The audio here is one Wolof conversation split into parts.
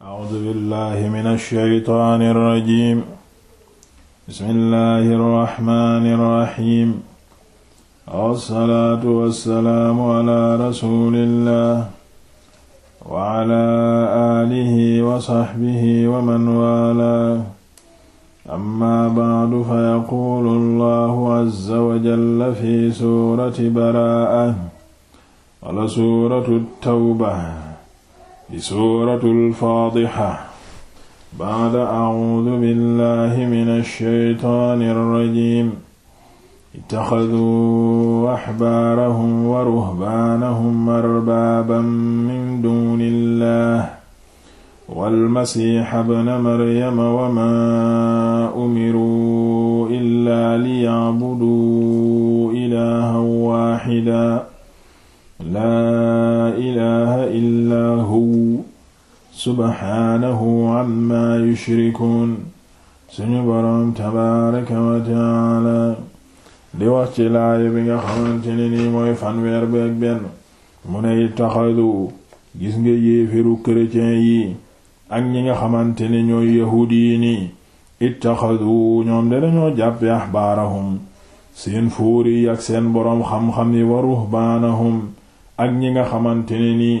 A'uuzu billaahi mina shaytaani rajiim. Bismillaahi rahmaani rahiim. Wassalaatu wassalaamu alaa rasuulillaah wa alaa aalihi wa sahbihi wa man waalaah. Ammaa ba'du fayaquulu Allaahu azza wa jalla fi suurati Baraa'a, wala suuratu Tawba. di suuratul faadiha ba'da a'uudu billahi mina shaytaani rajiim ittaxaduu axbaarahum wa ruhbaanahum arbaaban min duunillaah wal masiixa bna maryama wa maa umiruu illaa liya'buduu ilaahan waaxidan laa ilaaha illaa huwa subhaanahu amma yushrikuun suñu boroom tabaaraka wa di wax ci bi nga xamante ne mooy fanweer bi ak benn mu ne taxadu gis nga yéefiru chrétien yi ak ñi nga xamante ne ñooy yahuud yi nii ittaxadu ñoom de dañoo jàppe axbaarahum seen fóori yi ak seen boroom xam-xam yi wa ruhbaanahum ak ñi nga xamante ne nii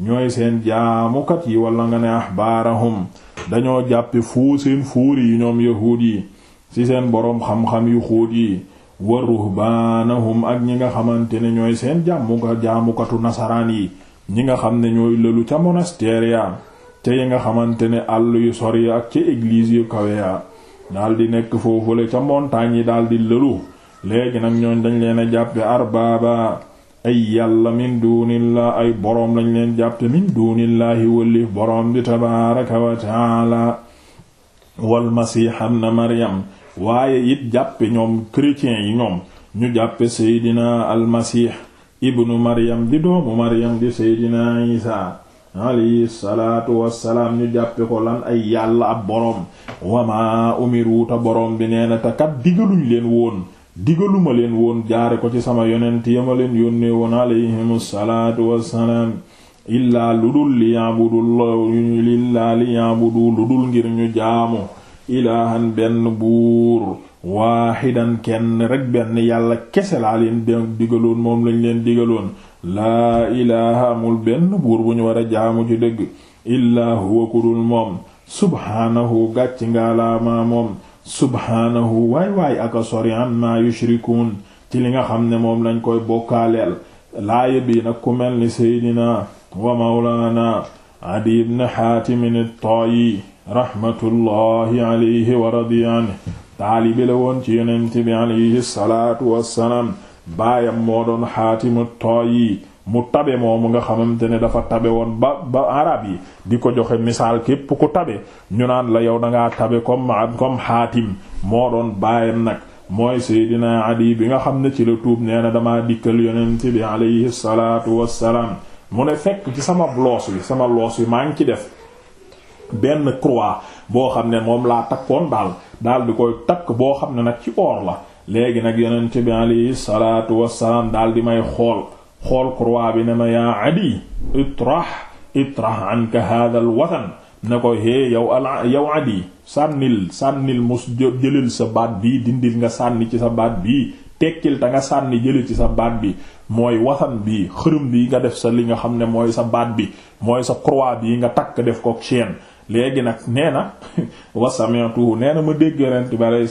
ñooy seen jaamukat yi wala nga ne ahbaarahum dañoo jàppe foo seen fóori yi ñoom yahuud yi ci seen boroom xam-xam yu xuut yi wa ruhbaanahum ak ñi nga xamante ne ñooy seen jàmmuka jaamukatu nasaraan yi ñi nga xam ne ñooy lëlu ca monastère ya te yi nga xamante ne àll yu sori ak ca église yu kawe ya daldi nekk foofule ca montagne yi daldi lëlu léegi nag ñooñ dañ leen a jàppe arbaaba ay yàlla min dunillah ay boroom lañ leen jàpte min dunillahi wëllif boroom bi tabaraka wa taala walmasiha ibn maryam waaye it jàppe ñoom chrétiens yi ñoom ñu jàppe seydina almasih ibnu maryam di doomu maryam di seydina isa alayhi salaatu wassalaam ñu jàppe ko lan ay yàlla ab boroom wama umiruuta boroom bi nee na te kat digaluñ leen woon digaluma leen woon jaare ko ci sama yonent yama leen yónnee woon alayhim salaatu wassalaam illaa lu dul li yaabudu illaa li yaabudu lu dul ngir ñu jaamu ilaahan benn buur waaxidan kenn rek benn yàlla kese laa leen digaloon moom lañ leen digaloon laa ilaaha amul benn buur bu ñu war a jaamu ci dëgg illaa huwa ku dul moom subhaanahu gàcc ngaalaamaa moom subhaanahu waay waay aka sori amma yushrikuun ci li nga xam ne moom lañ koy bokkaaleel bii nag ku mel ni seydina wa mawlaana adi ibn xaatim at-taayi raxmatullahi alayhi wa radiya anhu taalibi la woon ci yonent bi alayhi salaatu wassalaam baayam moo doon xaatim at mu tabe mu nga xamante ne dafa tabe woon ba ba arab yi di ko joxe misaal képp ku tabe ñu naan la yow da ngaa tabe comme comme xaatim moo doon baayam nag mooy dina Adi bi nga xam ne ci la tuub nee dama damaa dikkal yonent bi alayhi salaatu wassalaam mu ne fekk ci sama loos wi sama loos wi maa ngi ci def benn croit boo xam ne moom laa takkoon daal daal di koy takk boo xam ne nag ci or la léegi nag yeneen bi alayhi salaatu wassalaam daal di may xool xool croix bi ne ma yaa adi itrah itrah anka hadha al ne ko hee yow al yow adi sànnil sànnil mos jëlil sa baat bi dindil nga sànni ci sa baat bi tekkil ta nga sànni jëlil ci sa baat bi mooy wasan bi xërëm bi nga def sa li nga xam ne mooy sa baat bi mooy sa croix bi nga takk def ko chaîne léegi nag nee na wasami'tuhu nee na ma dégg yonent bi alayhi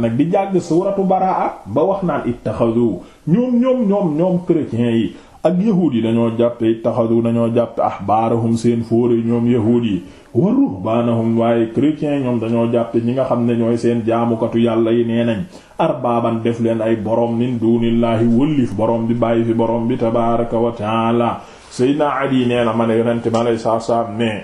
nag di jàgg suuratu baraa ba wax naan ittaxadu ñoom ñoom ñoom ñoom chrétiens yi ak yahuud yi dañoo jàppe ittaxadu dañoo jàppe ahbaarahum seen fóore ñoom yahuud yi wa ruhbaanahum waaye chrétiens ñoom dañoo jàpp ñi nga xam ne ñooy seen jaamukatu yàlla yi nee nañ arbaaban def leen ay borom min duunillaahi wëllif borom bi bàyyi fi borom bi tabaaraka wa taala Seydina Ali nee na ma ne yonente ma lay saaf saaf mais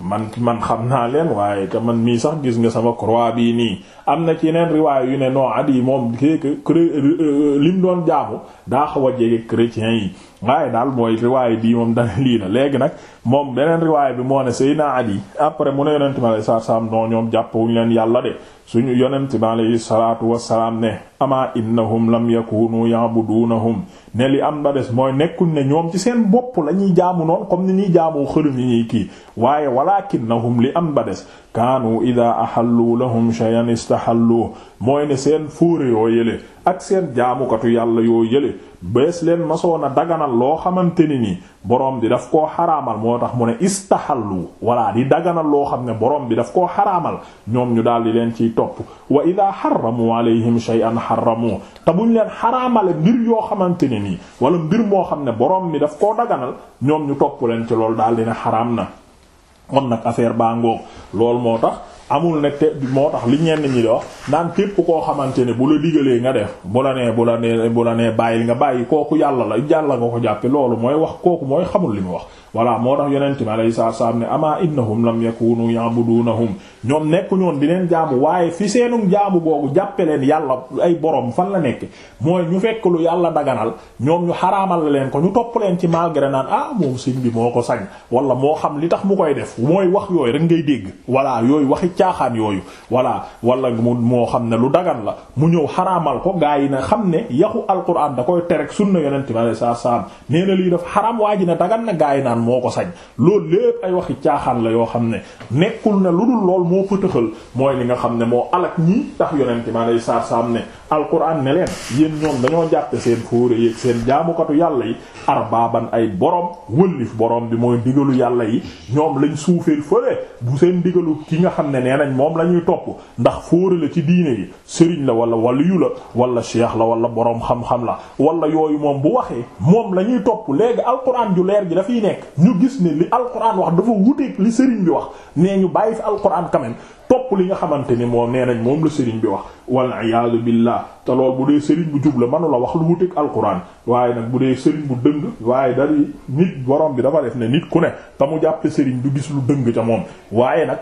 man man xam naa leen waaye te man mii sax gis nga sama croix bii nii am na ci yeneen riwaay yu ne non Ali moom euh, euh, li mu doon jaamu daa xaw a jege chrétiens yi waaye daal mooy riwaay bii moom dana lii na léegi nag moom beneen riwaay bi moo ne Seydina Ali après mu ne yonente ma lay saaf saaf non ñoom jàppwuñu leen yàlla de suñu yonente ma alayhi salaatu wassalaam ne amaa innahum lam yakunu ya'budunahum ne li am na des mooy nekkuñ ne ñoom ci seen bopp la ñuy jaamu noonu comme ni ñuy jaamoo xërum yi ñuy kii waaye walakinnahum li am ba des kaanu ida ahallu lahum shay'an istahallu mooy ne seen fóore yoo yële ak seen jaamukatu yàlla yoo yële bees leen masoon a daganal loo xamante ni nii borom bi daf koo xaraamal moo tax mu ne istahallu walla di daganal loo xam ne borom bi daf koo xaraamal ñoom ñu daal di leen ciy topp wa ida xaramu alayhim shay'an xaramu te buñ leen xaraamale mbir yoo xamante ne nii wala mbir moo xam ne borom bi daf koo daganal ñoom ñu topp leen ci loolu daal di ne xaraam na moom nag affaire baa ngoog loolu moo tax amul nag te moo tax li ñenn ñi di wax naan képp koo xamante ne bu la digalee nga def bu la nee bu la nee bu la nee li nga bàyyi kooku yàlla la yàlla nga ko jàppe loolu mooy wax kooku mooy xamul li mu wax voilà moo tax yonent mi alayhi salaatu salaam ne ama innahum lam yakunu ya'budunahum ñoom nekk ñoon di leen jaamu waaye fi seenum jaamu boobu jàppe leen yàlla ay borom fan la nekk mooy ñu fekk lu yàlla daganal ñoom ñu xaraamal la leen ko ñu topp leen ci malgré naan ah moom sëñ bi moo ko sañ wala moo xam li tax mu koy def mooy wax yooyu rek ngay dégg voilà yooyu waxi caaxaan yooyu voilà wala mu moo xam ne lu dagan la mu ñëw xaraamal ko gaa yi na xam ne yaxu alquran da koy terek sunna yonent bi alayhi salaam nee na lii dafa xaraam waa ji ne dagan na gaa yi naan moo ko sañ loolu lépp ay waxi caaxaan la yoo xam ne nekkul na lu dul lool moo pëtëxal mooy li nga xam ne moo alak ñii tax yonent bi alayhi salaam ne alquran ne leen yéen ñoom dañoo jàppe seen fóore yeeg seen jaamukatu yàlla yi arbaaban ay borom wëllif borom bi mooy ndigalu yàlla yi ñoom lañ suufeel fële bu seen digalu ki nga xam ne nee nañ moom la ñuy topp ndax fóore la ci diine yi sëriñ la wala waliyu la wala cheikh la wala borom xam-xam la wala yooyu moom bu waxee moom la ñuy topp léegi alquran ju leer ji dafay nekk ñu gis ne li alquran wax dafa wuteeg li sëriñ bi wax nee ñu bàyyi fi alquran quand même topp li nga xamante ni moom nee nañ moom la sëriñ bi wax wal iyaadu billah te lool bu dee sëriñ bu jubla la manu la wax lu mu wuteeg alquran waaye nag bu dee sëriñ bu dëng waaye dari nit borom bi dafa def ne nit ku ne te mu jàppe sëriñ du gis lu dëng ca moom waaye nag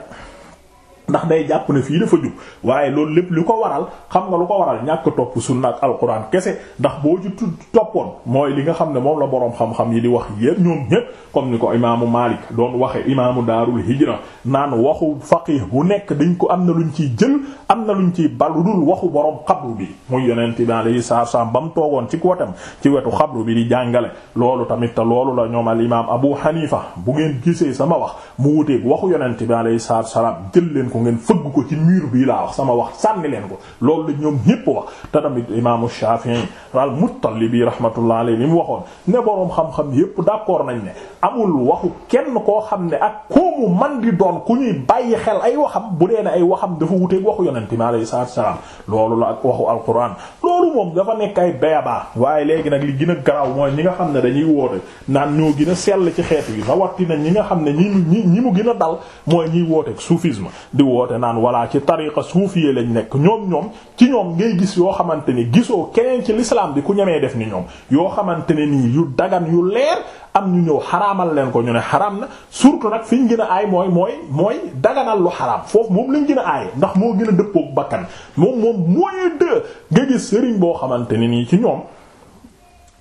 ndax day jàpp ne fii dafa jub waaye loolu lépp lu ko waral xam nga lu ko waral ñàkk topp sunna ak alxuraan kese ndax boo ci toppoon mooy li nga xam ne moom la boroom xam-xam yi di wax yépp ñoom ñépp comme ni ko imaamu Maalik doon waxe imaamu daarul hijra naan waxu faqih bu nekk dañ ko am na lu ñu ciy jël am na ci ciy baludul waxu boroom xabru bi muy yonent bi alayhi salaatu salaam ba mu toogoon ci wetam ci wetu xabru bi di jàngale loolu tamit te loolu la ñoom al imaam Abu Hanifa bu ngeen gisee sama wax mu wuteeg waxu yonent bi alayhi salaatu salaam jël leen ko ngeen fëgg ko ci mur bi laa wax sama wax sànni leen ko loolu la ñoom ñépp wax te tamit imaamu Shafi'i al Muttalibi rahmatullah alayhi li mu waxoon ne boroom xam-xam yépp d'accord nañ ne amul waxu kenn koo xam ne ak koomu man di doon ku ñuy bàyyi xel ay waxam bu dee ne ay waxam dafa wuteeg waxu yonent mi alayhi salaatu salaam loolu ak waxu alquran loolu moom dafa nekk ay béyabaa waaye léegi nag li gën a garaaw mooy ñi nga xam ne dañuy woote naan ñoo gën a sell ci xeet yi rawatina ñi nga xam ne ñi ñi ñi mu gën a dal mooy ñiy wooteeg soufisme di woote naan walla ci tariqa suufiyee lañ nekk ñoom ñoom ci ñoom ngay gis yoo xamante ni gisoo keneen ci l'islam bi ku ñemee def ni ñoom yoo xamante ne nii yu dagan yu leer am ñu ñëw xaraamal leen ko ñu ne xaraam na surtout nag fi ñu gën a aay mooy mooy mooy daganal lu xaraam foofu moom lañ gën a aaye ndax moo gën a dëppook bakkan moom moom mooy de nga gis sëriñ boo xamante ne nii ci ñoom.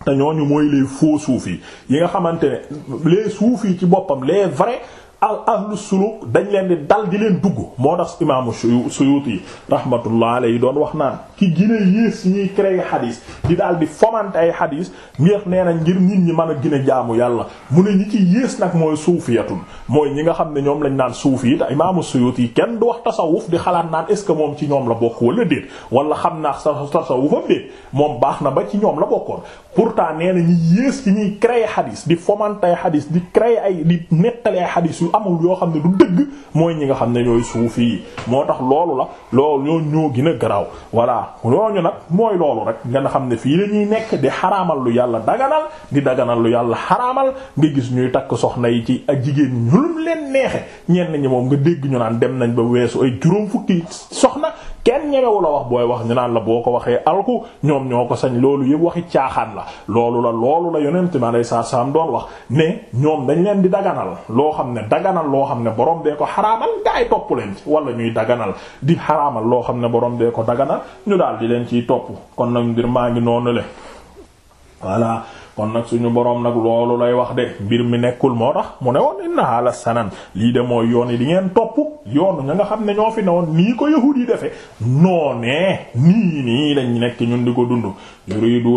te ñooñu mooy les faux soufis yi nga xamante ne les soufis ci boppam al ahlu suluk dañ leen di dal di leen dugg moo tax imaamu Suyuuti rahmatullah alayhi doon wax naan ki gën a yées ñuy créer xadiis di daal di fomante ay xadiis ngeex nee na ngir nit ñi man a gën a jaamu yàlla mu ne ñi ci yées nag mooy suufiyatun mooy ñi nga xam ne ñoom lañ naan suufi yi te imaamu Suyuti kenn du wax tasawuf di xalaat naan ce que moom ci ñoom la bokk wala déet wala xam naa sa tasawufam déet moom baax na ba ci ñoom la bokkoon pourtant nee na ñi yées ci ñuy créer xadiis di fomante ay xadiis nettali ay yu amul yoo xam ne du dëgg mooy ñi nga xam ne ñooy suufi yi moo tax loolu la loolu ñoo ñoo gën a garaaw ñooñu nag mooy loolu rek nga xam ne fii la ñuy nekk di xaraamal lu yàlla daganal di daganal lu yàlla xaraamal nga gis ñuy takk soxna yi ci ak jigéen ñulum leen neexe ñenn ñi moom nga dégg ñu naan dem nañ ba weesu ay juróom fukki soxna kenn ñemewu la wax booy wax ñu naan la boo ko waxee alku ñoom ñoo ko sañ loolu yëpp waxi caaxaan la loolu la loolu la yonent ma lay saa saam doon wax ne ñoom dañ leen di daganal loo xam ne daganal loo xam ne boroom dee ko xaraamal gaa yi topp leen ci wala ñuy daganal di xaraamal loo xam ne boroom dee ko daganal ñu daal di leen ciy topp kon nag mbir maa ngi noonu le voilà kon nag suñu boroom nag loolu lay wax de mbir mi nekkul moo tax mu ne woon innahaa la sanan lii de mooy yoon yi di ngeen topp yoonu ña nga xam ne ñoo fi newoon nii ko yahuud yi defee noonee nii nii lañ nekk ñun di ko dund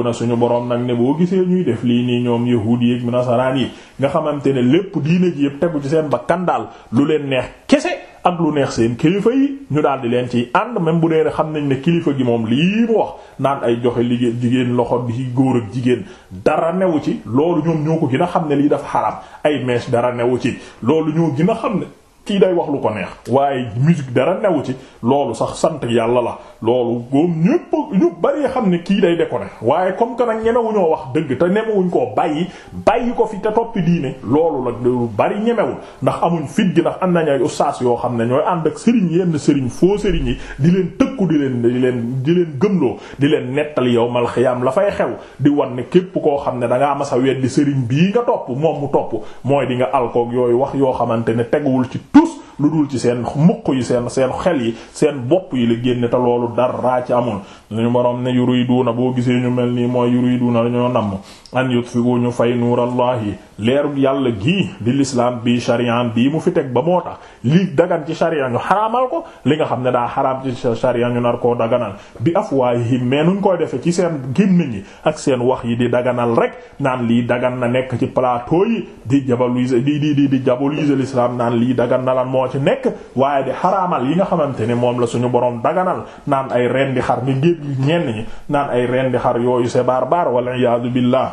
na suñu boroom nag ne boo gisee ñuy def lii nii ñoom yahuud yi ak nasaraan yi nga xamante ne lépp diine ji yëpp tegu ci seen bakkan daal lu leen neex kese ak lu neex seen kilifa yi ñu daal di leen ciy ànd même bu dee xam nañ ne kilifa gi moom lii mu wax naan ay joxe liggéey jigéen loxo bi góor ak jigéen dara newu ci loolu ñoom ñoo ko gën a xam ne lii dafa xaram ay mèche dara newu ci loolu ñoo gën a xam ne. kii day wax lu ko neex waaye musique dara newu ci loolu sax sant yàlla la loolu góom ñëpp ñu bari xam ne kii day déconné waaye comme que nag ñemewuñoo wax dëgg te ñemewuñ koo bàyyi bàyyi ko fi te toppi diine loolu la lu bari ñemewul ndax amuñ fit gi ndax am nañ ay ustaas yoo xam ne ñooy ànd ak sëriñ yenn sëriñ foo sëriñ yi di leen tëkk tëkku di leen di leen di leen gëmloo di leen nettali yow mal la fay xew di wan ne képp koo xam ne da ngaa mas a weddi sëriñ bii nga topp moom mu topp mooy di nga alkoog yooyu wax yoo xamante ne teguwul ci tus lu dul ci seen mukk yi seen seen xel yi seen bopp yi la génne te loolu dara ci amul suñu borom ne yuriduuna boo gisee ñu mel nii mooy yuriduuna dañoo namm an yutfi'u ñu fay nuurallahi leerug yàlla gii di l'islam bii charian bii mu fi teg ba moo tax li dagan ci charia ñu xaraamal ko li nga xam ne daa xaraam ci charia ñu nar koo daganal bi afwaahihim mais nuñ koy defee ci seen gémmiñ yi ak seen wax yi di daganal rek naan lii dagan na nekk ci plateau yi di diaboliser di di di di diaboliser l'islam naan lii dagan na lan moo ci nekk waaye di xaraamal yi nga xamante ne moom la suñu borom daganal naan ay rendi xar ni ngéeg ñenn ñi naan ay rendi xar yooyu se barbare wal iyaadu billah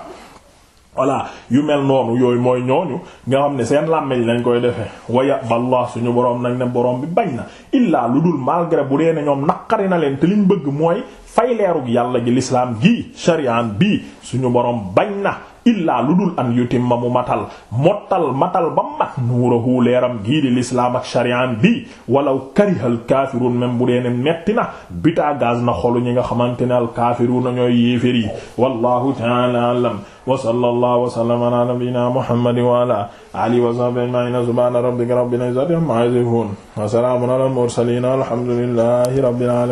voilà yu mel noonu yooyu mooy ñooñu nga xam ne seen làmmeñ lañ koy defee waya ballah suñu borom nañ ne borom bi bañ na illaa lu dul malgré bu dee ne ñoom naqari na leen te liñ bëgg mooy fay yàlla ji lislaam gi sharian bi suñu borom bañ na illaa lu dul an yutimma mu matal mottal matal ba mat nuurahu leeram gii di lislaam ak sharian bi walaw karihal kaafiruun même bu dee ne metti na bitaa gaz na xolu ñi nga xamante ne al kaafiruun ñooy yéefér yi wallahu ta'ala a'lam wa sallallahu wa sallama ala nabiyyina muhammadin wa ala alihi wa sahbihi ajma'in subhana rabbika rabbil izzati amma yasifun wa salamun ala al mursalin alhamdulillahi rabbil alamin